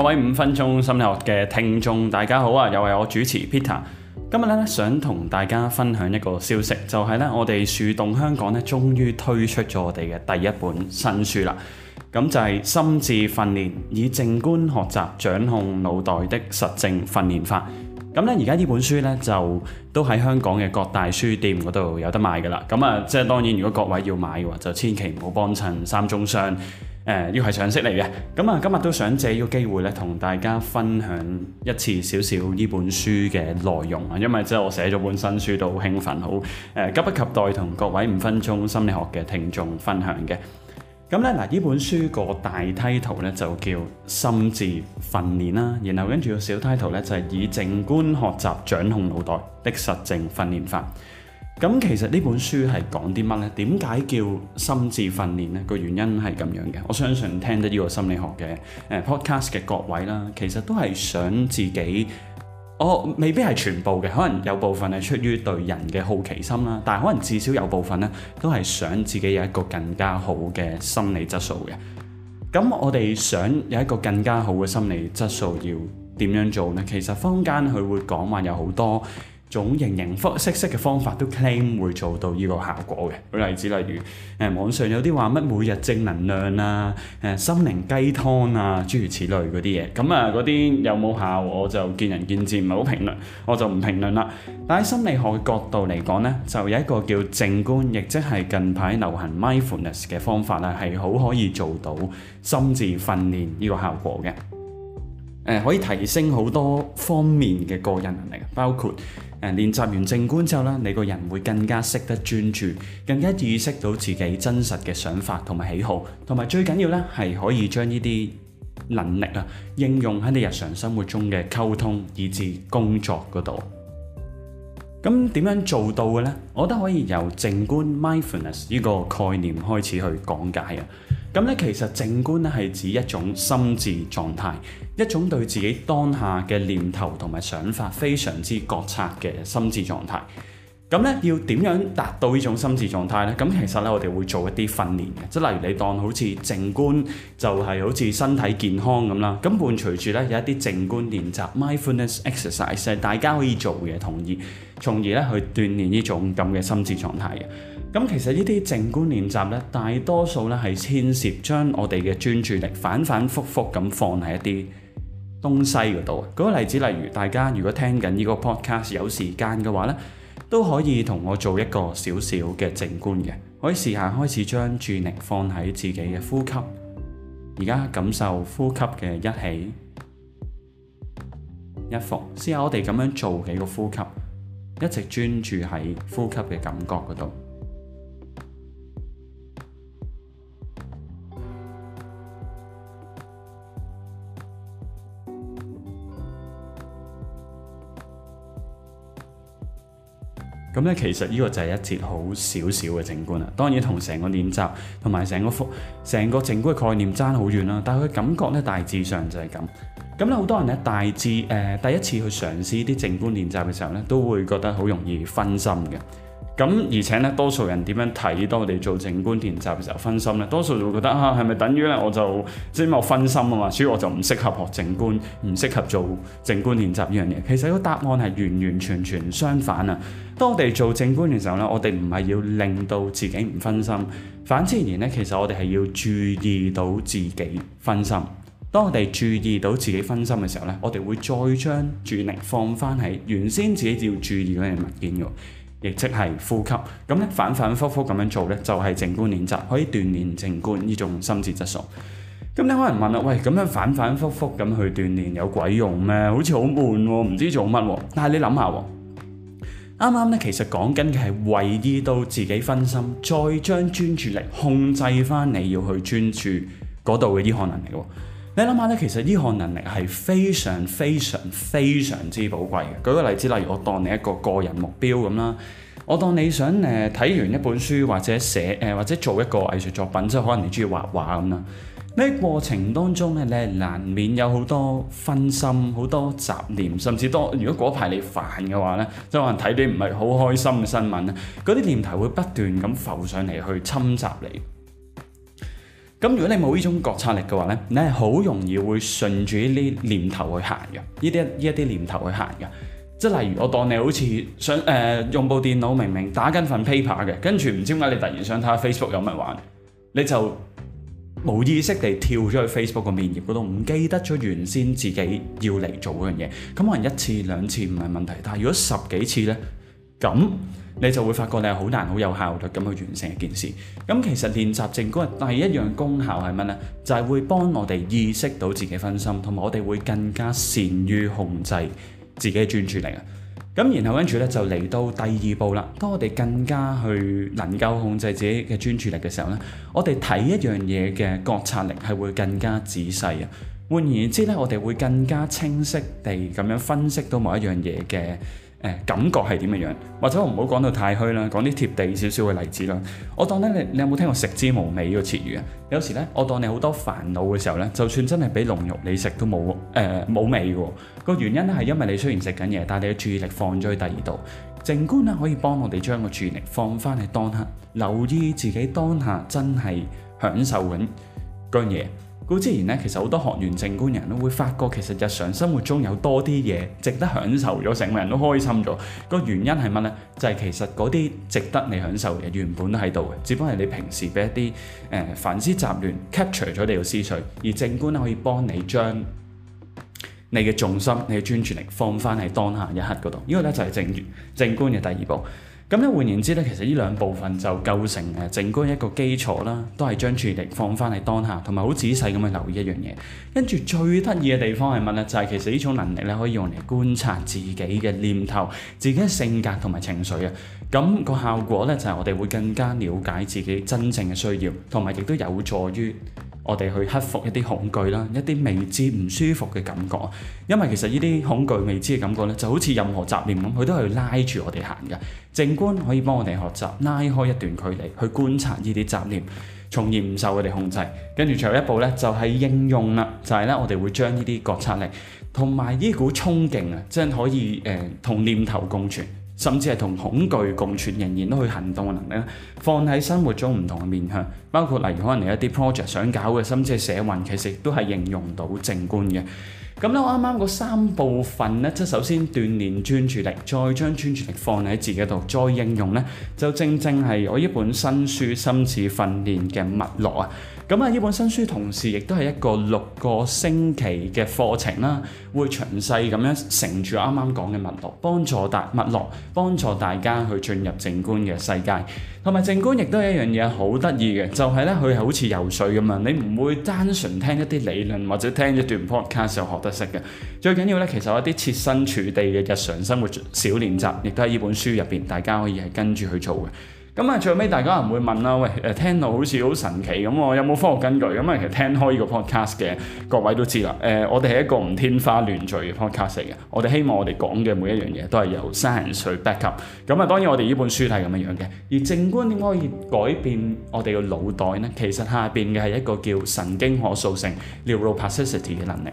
各位五分鐘心理學嘅聽眾，大家好啊！又係我主持 Peter，今日咧想同大家分享一個消息，就係咧我哋樹洞香港咧，終於推出咗我哋嘅第一本新書啦！咁就係心志訓練，以靜觀學習掌控腦袋的實證訓練法。咁咧，而家呢本書呢，就都喺香港嘅各大書店嗰度有得賣噶啦。咁啊，即係當然，如果各位要買嘅話，就千祈唔好幫襯三中商，誒要係賞識嚟嘅。咁啊，今日都想借呢個機會呢，同大家分享一次少少呢本書嘅內容啊，因為即係我寫咗本新書，都好興奮，好誒急不及待同各位五分鐘心理學嘅聽眾分享嘅。咁咧嗱，呢本書個大 title 咧就叫心志訓練啦，然後跟住個小 title 咧就係以靜觀學習掌控腦袋的實證訓練法。咁其實呢本書係講啲乜呢？點解叫心志訓練呢？個原因係咁樣嘅。我相信聽得呢個心理學嘅誒 podcast 嘅各位啦，其實都係想自己。我、oh，未必係全部嘅，可能有部分係出於對人嘅好奇心啦，但係可能至少有部分呢，都係想自己有一個更加好嘅心理質素嘅。咁我哋想有一個更加好嘅心理質素，要點樣做呢？其實坊間佢會講話有好多種形形色色嘅方法都 claim 會做到呢個效果嘅。舉例子，例如誒，網上有啲話乜每日正能量啊、誒心靈雞湯啊，諸如此類嗰啲嘢，咁啊嗰啲有冇效我就見仁見智，唔係好評論，我就唔評論啦。但喺心理學嘅角度嚟講呢，就有一個叫靜觀，亦即係近排流行 mindfulness 嘅方法啦，係好可以做到心智訓練呢個效果嘅。誒、呃、可以提升好多方面嘅個人能力，包括誒、呃、練習完靜觀之後咧，你個人會更加識得專注，更加意識到自己真實嘅想法同埋喜好，同埋最緊要咧係可以將呢啲能力啊應用喺你日常生活中嘅溝通以至工作嗰度。咁點樣做到嘅呢？我覺得可以由靜觀 mindfulness 呢個概念開始去講解啊。咁咧，其實靜觀咧係指一種心智狀態，一種對自己當下嘅念頭同埋想法非常之覺察嘅心智狀態。咁咧，要點樣達到呢種心智狀態呢？咁其實咧，我哋會做一啲訓練嘅，即係例如你當好似靜觀就係、是、好似身體健康咁啦。咁伴隨住咧有一啲靜觀練習 （mindfulness exercise） 大家可以做嘅，同意，從而咧去鍛鍊呢種咁嘅心智狀態嘅。咁其實呢啲靜觀練習呢，大多數呢係牽涉將我哋嘅專注力反反覆覆咁放喺一啲東西嗰度。舉個例子，例如大家如果聽緊呢個 podcast 有時間嘅話呢都可以同我做一個小小嘅靜觀嘅。可以試下開始將注意力放喺自己嘅呼吸。而家感受呼吸嘅一起，一起，一伏。試下我哋咁樣做幾個呼吸，一直專注喺呼吸嘅感覺嗰度。咁咧，其實呢個就係一節好少少嘅靜觀啦。當然同成個練習同埋成個幅成個靜觀嘅概念差好遠啦。但係佢感覺咧，大致上就係咁。咁咧，好多人咧大致誒、呃、第一次去嘗試啲靜觀練習嘅時候咧，都會覺得好容易分心嘅。咁而且咧，多數人點樣睇，當我哋做靜觀練習嘅時候分心呢，多數就會覺得啊，係咪等於咧我就即係分心啊嘛？所以我就唔適合學靜觀，唔適合做靜觀練習呢樣嘢。其實個答案係完完全全相反啊！當我哋做靜觀嘅時候咧，我哋唔係要令到自己唔分心，反之而言呢，其實我哋係要注意到自己分心。當我哋注意到自己分心嘅時候呢，我哋會再將注意力放翻喺原先自己要注意嗰樣物件㗎。亦即係呼吸，咁咧反反覆覆咁樣做咧，就係靜觀練習，可以鍛煉靜觀呢種心智質素。咁你可能問啦，喂，咁樣反反覆覆咁去鍛煉，有鬼用咩？好似好悶喎，唔知做乜喎。但係你諗下喎，啱啱咧其實講緊嘅係，為意到自己分心，再將專注力控制翻你要去專注嗰度嘅啲可能嚟喎。你諗下咧，其實呢項能力係非常非常非常之寶貴嘅。舉個例子，例如我當你一個個人目標咁啦，我當你想誒睇、呃、完一本書，或者寫誒、呃，或者做一個藝術作品，即係可能你鍾意畫畫咁啦。呢、那個、過程當中咧，你係難免有好多分心、好多雜念，甚至多。如果嗰排你煩嘅話咧，即係可能睇啲唔係好開心嘅新聞咧，嗰啲念頭會不斷咁浮上嚟去侵襲你。咁如果你冇呢種覺察力嘅話呢，你係好容易會順住呢啲念頭去行嘅，呢啲呢一啲念頭去行嘅。即係例如我當你好似想誒、呃、用部電腦明明打緊份 paper 嘅，跟住唔知點解你突然想睇下 Facebook 有乜玩，你就冇意識地跳咗去 Facebook 個面頁嗰度，唔記得咗原先自己要嚟做嗰樣嘢。咁可能一次兩次唔係問題，但係如果十幾次呢？咁你就會發覺你係好難好有效率咁去完成一件事。咁其實練習靜觀第一樣功效係乜呢？就係、是、會幫我哋意識到自己分心，同埋我哋會更加善於控制自己嘅專注力啊。咁然後跟住咧就嚟到第二步啦。當我哋更加去能夠控制自己嘅專注力嘅時候呢，我哋睇一樣嘢嘅覺察力係會更加仔細啊。換言之咧，我哋會更加清晰地咁樣分析到某一樣嘢嘅。哎，感覺係點嘅樣？或者我唔好講到太虛啦，講啲貼地少少嘅例子啦。我當咧，你你有冇聽過食之無味呢個詞語啊？有時呢，我當你好多煩惱嘅時候呢，就算真係俾龍肉你食都冇，誒冇味嘅，個原因咧，係因為你雖然食緊嘢，但係你嘅注意力放咗去第二度。靜觀呢，可以幫我哋將個注意力放翻喺當刻，留意自己當下真係享受緊嗰樣嘢。固之然咧，其實好多學完靜觀人都會發覺，其實日常生活中有多啲嘢值得享受，咗成個人都開心咗。個原因係乜呢？就係、是、其實嗰啲值得你享受嘅原本都喺度嘅，只不過係你平時俾一啲誒煩思雜亂 capture 咗你嘅思緒，而靜觀可以幫你將你嘅重心、你嘅專注力放翻喺當下一刻嗰度。這個、呢個咧就係、是、靜靜觀嘅第二步。咁咧換言之咧，其實呢兩部分就構成誒靜觀一個基礎啦，都係將注意力放翻喺當下，同埋好仔細咁去留意一樣嘢。跟住最得意嘅地方係乜咧？就係、是、其實呢種能力咧可以用嚟觀察自己嘅念頭、自己嘅性格同埋情緒啊。咁個效果咧就係我哋會更加了解自己真正嘅需要，同埋亦都有助於我哋去克服一啲恐懼啦，一啲未知唔舒服嘅感覺，因為其實呢啲恐懼、未知嘅感覺咧，就好似任何雜念咁，佢都係拉住我哋行嘅。靜觀可以幫我哋學習拉開一段距離，去觀察呢啲雜念，從而唔受佢哋控制。跟住最後一步咧，就係、是、應用啦，就係、是、咧，我哋會將呢啲覺察力同埋呢股衝勁啊，真係、就是、可以誒、呃、同念頭共存。甚至係同恐懼共存，仍然都去行動嘅能力，放喺生活中唔同嘅面向，包括例如可能你一啲 project 想搞嘅，甚至係社運，其實都係應用到靜觀嘅。咁咧，我啱啱嗰三部分咧，即係首先鍛鍊專注力，再將專注力放喺自己度，再應用咧，就正正係我一本新書《心志訓練》嘅脈絡啊！咁啊！呢本新書同時亦都係一個六個星期嘅課程啦，會詳細咁樣承住啱啱講嘅脈絡，幫助大脈絡，幫助大家去進入靜觀嘅世界。同埋靜觀亦都係一樣嘢好得意嘅，就係咧佢係好似游水咁樣，你唔會單純聽一啲理論或者聽一段 podcast 就學得識嘅。最緊要咧，其實有一啲切身處地嘅日常生活小練習，亦都係呢本書入邊，大家可以係跟住去做嘅。咁啊，最尾大家唔會問啦，喂，誒聽到好似好神奇咁喎，有冇科學根據？咁啊，其實聽開呢個 podcast 嘅各位都知啦，誒、呃，我哋係一個唔天花亂墜嘅 podcast 嚟嘅，我哋希望我哋講嘅每一樣嘢都係由 science back up。咁啊，當然我哋呢本書係咁樣樣嘅，而靜觀點解可以改變我哋嘅腦袋呢？其實下邊嘅係一個叫神經可塑性 neural plasticity 嘅能力。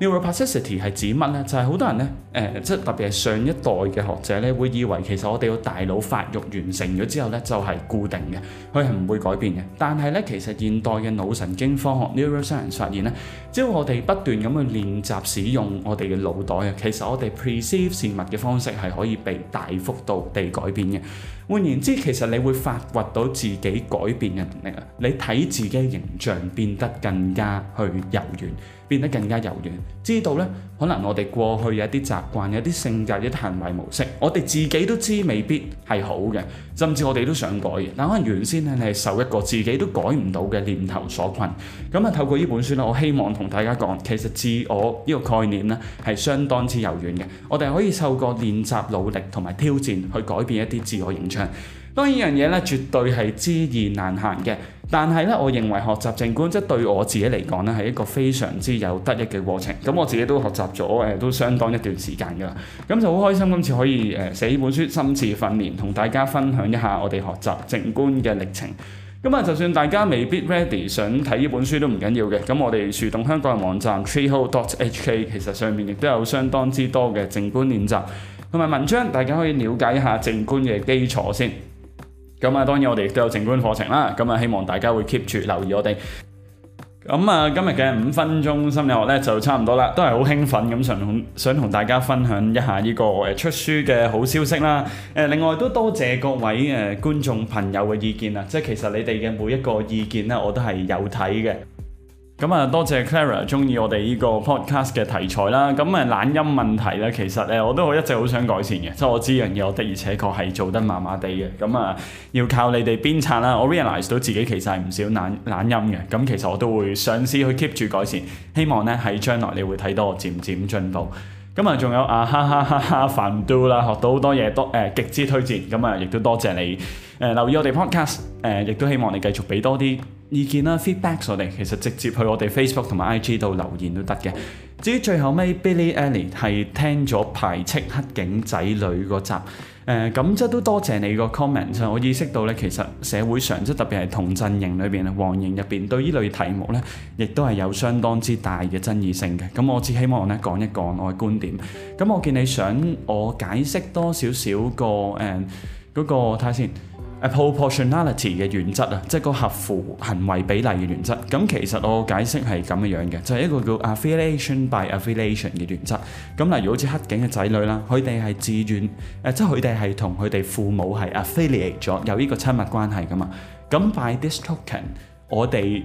Neuroplasticity 係指乜呢？就係、是、好多人呢，誒、呃，即係特別係上一代嘅學者呢，會以為其實我哋嘅大腦發育完成咗之後呢，就係、是、固定嘅，佢係唔會改變嘅。但係呢，其實現代嘅腦神經科學 neuroscientist 發現呢，只要我哋不斷咁去練習使用我哋嘅腦袋啊，其實我哋 perceive 事物嘅方式係可以被大幅度地改變嘅。換言之，其實你會發掘到自己改變嘅能力啊！你睇自己嘅形象變得更加去柔軟。變得更加柔軟，知道呢，可能我哋過去有一啲習慣、有啲性格、有啲行為模式，我哋自己都知未必係好嘅，甚至我哋都想改。但可能原先呢，係受一個自己都改唔到嘅念頭所困。咁、嗯、啊，透過呢本書呢，我希望同大家講，其實自我呢個概念呢，係相當之柔軟嘅，我哋可以透過練習、努力同埋挑戰去改變一啲自我形象。當然樣嘢咧，絕對係知易難行嘅。但係咧，我認為學習靜觀，即係對我自己嚟講咧，係一個非常之有得益嘅過程。咁我自己都學習咗，誒、呃、都相當一段時間噶啦。咁就好開心今次可以誒寫呢本書《心志訓練》，同大家分享一下我哋學習靜觀嘅歷程。咁啊，就算大家未必 ready 想睇呢本書都唔緊要嘅。咁我哋樹洞香港人網站 treehole.hk 其實上面亦都有相當之多嘅靜觀練習同埋文章，大家可以了解一下靜觀嘅基礎先。咁啊，當然我哋都有靜觀課程啦。咁啊，希望大家會 keep 住留意我哋。咁啊，今日嘅五分鐘心理學呢，就差唔多啦，都係好興奮咁想同想同大家分享一下呢個誒出書嘅好消息啦。誒，另外都多謝各位誒觀眾朋友嘅意見啊，即係其實你哋嘅每一個意見呢，我都係有睇嘅。咁啊，多謝 Clara 中意我哋呢個 podcast 嘅題材啦。咁啊，懶音問題咧，其實咧我都一直好想改善嘅。即係我知呢樣嘢我的而且確係做得麻麻地嘅。咁啊，要靠你哋鞭策啦。我 realize 到自己其實係唔少懶懶音嘅。咁其實我都會嘗試去 keep 住改善，希望咧喺將來你會睇到我漸漸進步。咁啊，仲有啊哈哈哈哈，煩 do 啦，學到好多嘢，多誒、呃、極之推薦。咁啊，亦都多謝你誒、呃、留意我哋 podcast、呃。誒，亦都希望你繼續俾多啲。意見啦，feedback 我哋其實直接去我哋 Facebook 同埋 IG 度留言都得嘅。至於最後尾 Billy Elliot 係係聽咗排斥黑警仔女嗰集，誒咁即係都多謝你個 comment。我意識到咧，其實社會上即特別係同陣營裏邊、黃營入邊對呢類題目咧，亦都係有相當之大嘅爭議性嘅。咁我只希望咧講一講我嘅觀點。咁我見你想我解釋多少少個誒嗰、呃嗰個睇下先。誒 proportionality 嘅原則啊，即係個合乎行為比例嘅原則。咁其實我解釋係咁嘅樣嘅，就係一個叫 affiliation by affiliation 嘅原則。咁例如好似黑警嘅仔女啦，佢哋係自願，誒即係佢哋係同佢哋父母係 affiliate 咗，有呢個親密關係㗎嘛。咁 by this token，我哋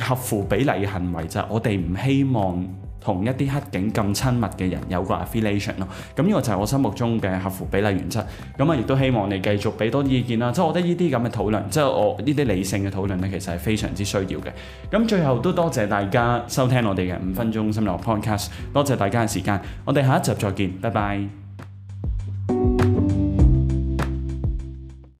合乎比例嘅行為就係我哋唔希望。同一啲黑警咁親密嘅人有個 affiliation 咯，咁呢個就係我心目中嘅合乎比例原則。咁啊，亦都希望你繼續俾多啲意見啦。即係我覺得呢啲咁嘅討論，即係我呢啲理性嘅討論咧，其實係非常之需要嘅。咁最後都多謝大家收聽我哋嘅五分鐘心理學 podcast，多謝大家嘅時間，我哋下一集再見，拜拜。